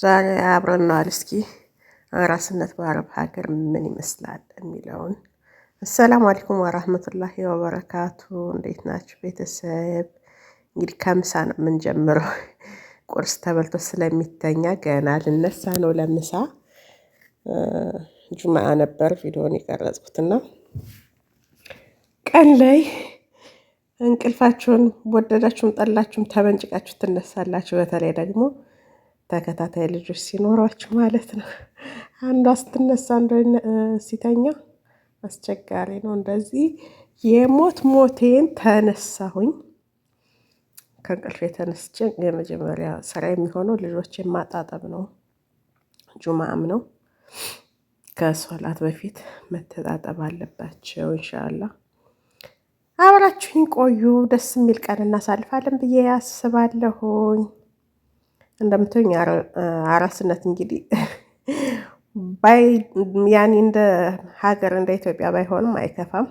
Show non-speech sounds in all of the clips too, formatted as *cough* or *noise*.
ዛሬ አብረና ነዋል። እስኪ አራስነት በአረብ ሀገር ምን ይመስላል የሚለውን። አሰላሙ አለይኩም ወራህመቱላሂ ወበረካቱ። እንዴት ናችሁ ቤተሰብ? እንግዲህ ከምሳ ነው የምንጀምረው። *laughs* ቁርስ ተበልቶ ስለሚተኛ ገና ልነሳ ነው ለምሳ። ጁማአ ነበር ቪዲዮን የቀረጽኩትና ቀን ላይ እንቅልፋችሁን ወደዳችሁም ጠላችሁም ተመንጭቃችሁ ትነሳላችሁ። በተለይ ደግሞ ተከታታይ ልጆች ሲኖሯችሁ ማለት ነው። አንዷ ስትነሳ አንዷ ሲተኛ አስቸጋሪ ነው። እንደዚህ የሞት ሞቴን ተነሳሁኝ። ከእንቅልፍ የተነስቼ የመጀመሪያ ስራ የሚሆነው ልጆች ማጣጠብ ነው። ጁማም ነው። ከሶላት በፊት መተጣጠብ አለባቸው። እንሻላ አብራችሁኝ ቆዩ። ደስ የሚል ቀን እናሳልፋለን ብዬ አስባለሁኝ። እንደምትሆኝ አራስነት እንግዲህ ባይ ያኔ እንደ ሀገር እንደ ኢትዮጵያ ባይሆንም አይከፋም።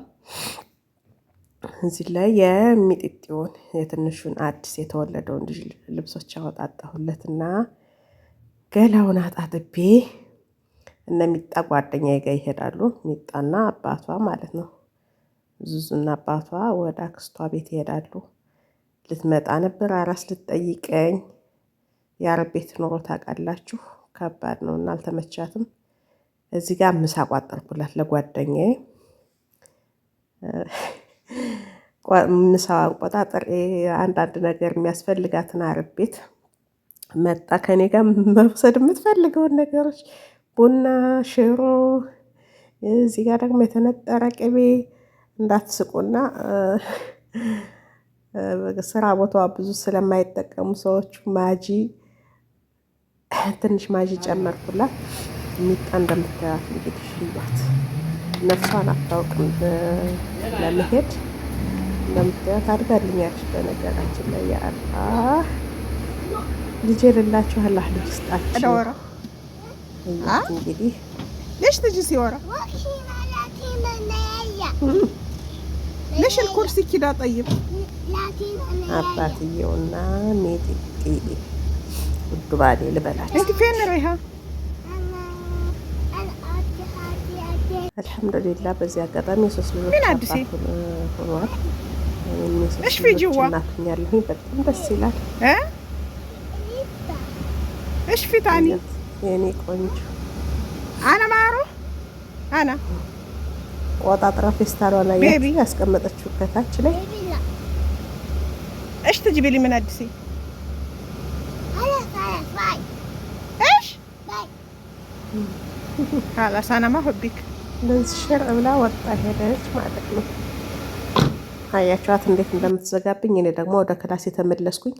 እዚህ ላይ የሚጢጢውን የትንሹን አዲስ የተወለደውን ልጅ ልብሶች አወጣጣሁለትና ገላውን አጣጥቤ እነ ሚጣ ጓደኛ ጋ ይሄዳሉ። ሚጣና አባቷ ማለት ነው። ዙዙና አባቷ ወደ አክስቷ ቤት ይሄዳሉ። ልትመጣ ነበር አራስ ልትጠይቀኝ የአረብ ቤት ኑሮ ታውቃላችሁ፣ ከባድ ነው እና አልተመቻትም። እዚህ ጋር ምሳ ቋጠርኩላት ለጓደኛዬ። ምሳ አቆጣጠር አንዳንድ ነገር የሚያስፈልጋትን አረብ ቤት መጣ ከኔ ጋር መውሰድ የምትፈልገውን ነገሮች ቡና፣ ሽሮ፣ እዚህ ጋር ደግሞ የተነጠረ ቅቤ። እንዳትስቁና ስራ ቦታዋ ብዙ ስለማይጠቀሙ ሰዎች ማጂ ትንሽ ማዥ ጨመርኩላት። ሚጣ እንደምታያት እንግዲህ ሽያት ነፍሷን አታውቅም ለመሄድ እንደምታያት አድጋልኛለች። በነገራችን ላይ የአላ ልጅ የሌላችሁ አላህ ልጅ ስጣችሁ። እንግዲህ ليش تجي سيارة؟ ليش الكرسي كده طيب؟ አባትየውና ሜጢ ውድ ባሌ ልበላችሁ። አልሐምዱሊላ በዚህ አጋጣሚ የሶስት ልጆች አባት ሆኗል። እሺ ፊጂዋ እናትኛለሁኝ በጣም ደስ ይላል። እሺ ፊታኒ የኔ ቆንጆ አና ማሩ አና ቆጣጥራ ፌስታሏ ላይ ያስቀመጠችው ከታች ላይ እሺ ትጅቢሊ ምን አዲስ ሀላስ ሆቢክ እንደዚህ ሸር ብላ ወጣ ሄደች ማለት ነው። አያቸዋት እንዴት እንደምትዘጋብኝ። እኔ ደግሞ ወደ ክላሴ ተመለስኩኝ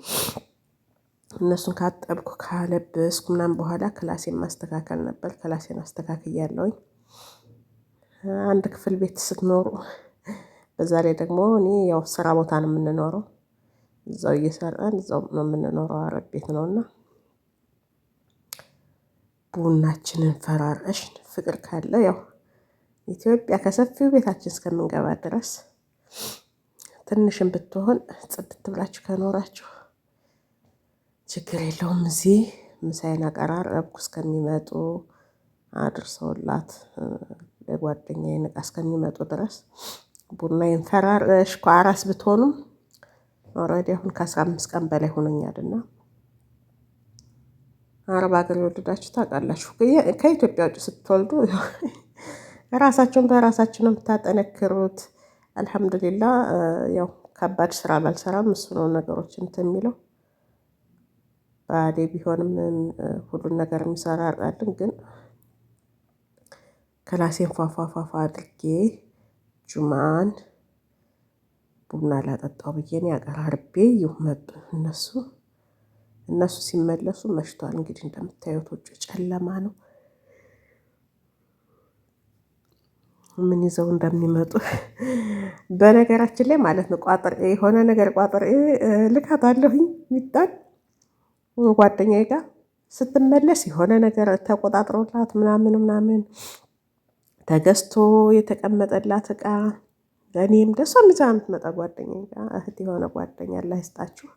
እነሱን ካጠብኩ ካለበስኩ ምናምን በኋላ ክላሴን ማስተካከል ነበር። ክላሴን አስተካክያለሁኝ። አንድ ክፍል ቤት ስትኖሩ፣ በዛ ላይ ደግሞ እኔ ያው ስራ ቦታ ነው የምንኖረው። እዛው እየሰራን እዛው ነው የምንኖረው። አረብ ቤት ነውና ቡናችንን ፈራረሽ ፍቅር ካለ ያው ኢትዮጵያ ከሰፊው ቤታችን እስከምንገባ ድረስ ትንሽም ብትሆን ጽድት ብላችሁ ከኖራችሁ ችግር የለውም። እዚህ ምሳዬን አቀራረብኩ እስከሚመጡ አድርሰውላት ለጓደኛዬ ንቃ እስከሚመጡ ድረስ ቡና ፈራረሽ እኮ ብትሆኑም ኦልሬዲ አሁን ከአስራ አምስት ቀን በላይ ሆኖኛልና አረብ ሀገር የወለዳችሁ ታውቃላችሁ። ከኢትዮጵያ ውጭ ስትወልዱ ራሳቸውን በራሳቸው ነው የምታጠነክሩት። አልሐምዱሊላ ያው ከባድ ስራ ባልሰራም እሱ ነው ነገሮች እንትን የሚለው ባዴ ቢሆንም ሁሉን ነገር የሚሰራ አቃልን ግን ከላሴን ፏፏፏፏ አድርጌ ጁማን ቡና ላጠጣው ብዬን ያቀራርቤ ይሁመጡ እነሱ እነሱ ሲመለሱ መሽቷል። እንግዲህ እንደምታዩት ውጭ ጨለማ ነው። ምን ይዘው እንደሚመጡ *laughs* በነገራችን ላይ ማለት ነው። ቋጥር የሆነ ነገር ቋጥር ልካት አለሁኝ ሚጣል ጓደኛዬ ጋር ስትመለስ የሆነ ነገር ተቆጣጥሮላት ምናምን ምናምን ተገዝቶ የተቀመጠላት እቃ ለእኔም ደሷ ሚዛ የምትመጣ ጓደኛ እህት የሆነ ጓደኛ አላህ ይስጣችሁ።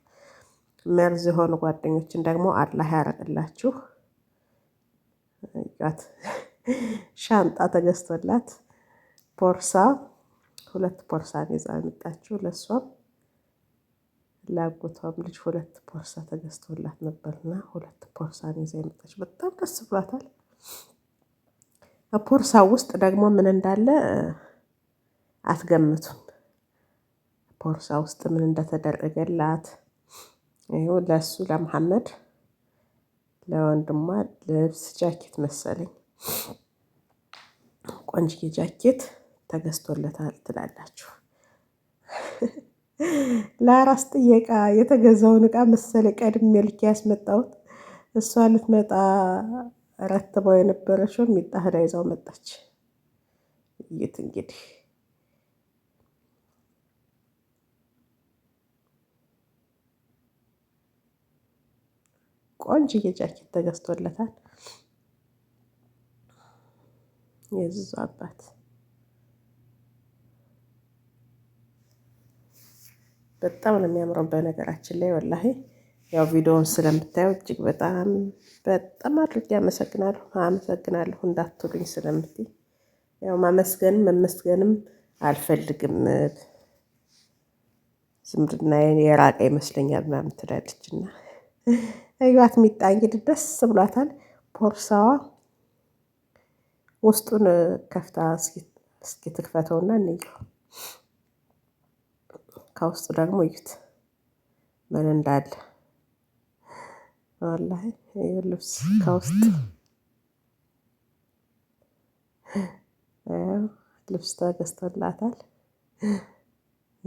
መርዝ የሆኑ ጓደኞችን ደግሞ አላህ ያረቅላችሁ። *laughs* ሻንጣ ተገዝቶላት ቦርሳ ሁለት ቦርሳ ይዛ የመጣችው ለእሷም ላጎቷም ልጅ ሁለት ቦርሳ ተገዝቶላት ነበርና ሁለት ቦርሳ ይዛ የመጣችው በጣም ደስ ብሏታል። ቦርሳ ውስጥ ደግሞ ምን እንዳለ አትገምቱም። ቦርሳ ውስጥ ምን እንደተደረገላት ይሄው ለእሱ ለመሐመድ ለወንድሟ ልብስ ጃኬት መሰለኝ ቆንጅጌ ጃኬት ተገዝቶለታል ትላላችሁ። ለአራስ ጥየቃ የተገዛውን እቃ መሰለ ቀድሜ ልክ ያስመጣሁት። እሷ ልትመጣ ረትበው የነበረችው ሚጣ ይዛው መጣች። እንግዲህ ቆንጅዬ ጃኬት ተገዝቶለታል። የዝዙ አባት በጣም ነው የሚያምረው። በነገራችን ላይ ወላሂ ያው ቪዲዮውን ስለምታየው እጅግ በጣም በጣም አድርጌ አመሰግናለሁ አመሰግናለሁ እንዳትሉኝ ስለምትይ ያው ማመስገንም መመስገንም አልፈልግም። ዝምድና የራቀ ይመስለኛል ምናምን ትላለችና እዩት ሚጣ እንግዲህ ደስ ብሏታል። ቦርሳዋ ውስጡን ከፍታ እስኪ ትክፈተውና እንየው። ከውስጡ ደግሞ እዩት ምን እንዳለ ወላሂ ልብስ ከውስጥ ልብስ ተገዝቶላታል።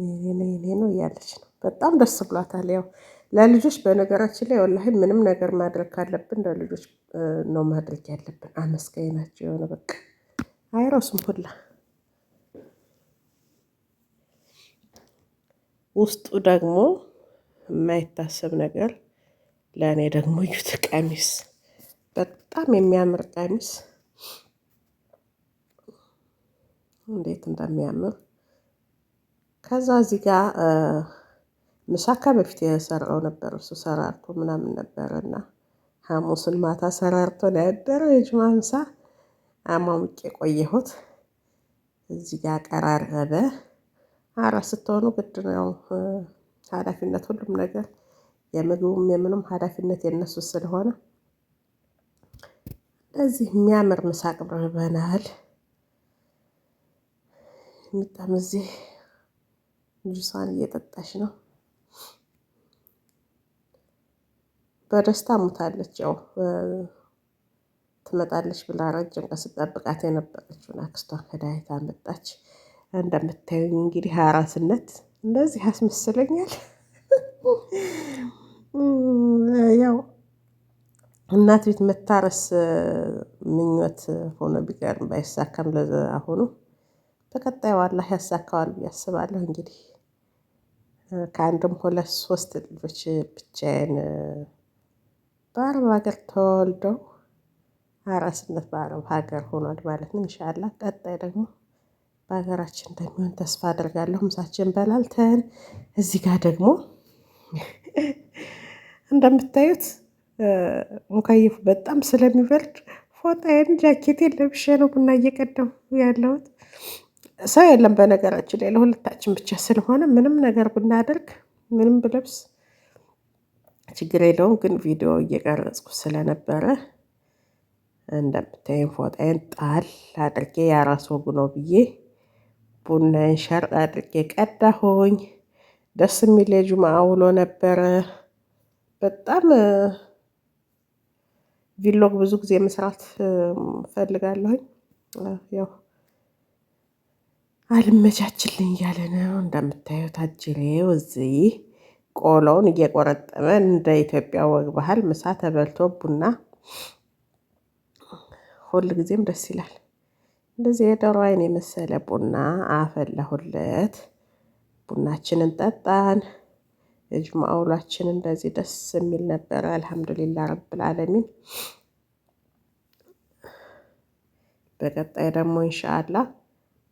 ይሄ ይሄ ነው እያለች ነው። በጣም ደስ ብሏታል ያው ለልጆች በነገራችን ላይ ወላሂ ምንም ነገር ማድረግ ካለብን ለልጆች ነው ማድረግ ያለብን። አመስጋኝ ናቸው። የሆነ በቃ አይረሱም ሁላ ውስጡ ደግሞ የማይታሰብ ነገር ለእኔ ደግሞ ዩት ቀሚስ በጣም የሚያምር ቀሚስ እንዴት እንደሚያምር ከዛ እዚህ ጋር ምሳካ በፊት የሰራው ነበር እሱ ሰራርቶ ምናምን ነበር እና ሐሙስን ማታ ሰራርቶ ነው ያደረው። የጅማ ምሳ አሟሙቄ የቆየሁት እዚህ ጋር ቀራረበ። አራት ስትሆኑ ግድ ነው ኃላፊነት ሁሉም ነገር የምግቡም የምንም ኃላፊነት የነሱ ስለሆነ ለዚህ የሚያምር ምሳ አቅርበናል። የሚጣም እዚህ ጁሷን እየጠጣች ነው። በደስታ ሙታለች። ያው ትመጣለች ብላ ረጅም ቀን ስጠብቃት የነበረችውን አክስቷን ከዳይታ መጣች። እንደምታዩኝ እንግዲህ አራስነት እንደዚህ ያስመስለኛል። ያው እናት ቤት መታረስ ምኞት ሆኖ ቢቀርም ባይሳካም ለአሁኑ በቀጣይ አላህ ያሳካዋል ብዬ አስባለሁ። እንግዲህ ከአንድም ሁለት ሶስት ልጆች ብቻዬን በአረብ ሀገር ተወልደው አራስነት በአረብ ሀገር ሆኗል ማለት ነው። እንሻላ ቀጣይ ደግሞ በሀገራችን እንደሚሆን ተስፋ አድርጋለሁ። ምሳችን በላልተን እዚህ ጋር ደግሞ እንደምታዩት ሙካየፉ በጣም ስለሚበርድ ፎጣዬን ጃኬቴን ለብሼ ነው ቡና እየቀደሙ ያለሁት። ሰው የለም በነገራችን ላይ ለሁለታችን ብቻ ስለሆነ ምንም ነገር ብናደርግ ምንም ብለብስ ችግር የለውም ግን ቪዲዮ እየቀረጽኩ ስለነበረ እንደምታዩኝ ፎጣዬን ጣል አድርጌ ያራስ ወጉ ነው ብዬ ቡናን ሸር አድርጌ ቀዳሆኝ። ደስ የሚል የጁማ ውሎ ነበረ። በጣም ቪሎግ ብዙ ጊዜ መስራት ፈልጋለሁኝ። ያው አልመቻችልኝ እያለ ነው እንደምታዩት አጅሬው እዚህ ቆሎውን እየቆረጠመ እንደ ኢትዮጵያ ወግ ባህል ምሳ ተበልቶ ቡና ሁል ጊዜም ደስ ይላል። እንደዚህ የዶሮ አይን የመሰለ ቡና አፈላሁለት። ቡናችንን ጠጣን። የጁምዓ ውሏችን እንደዚህ ደስ የሚል ነበረ። አልሐምዱሊላ ረብል አለሚን በቀጣይ ደግሞ እንሻአላ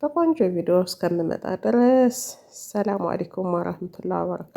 በቆንጆ ቪዲዮ እስከምመጣ ድረስ ሰላሙ አለይኩም ወረህመቱላ ወበረካቱ።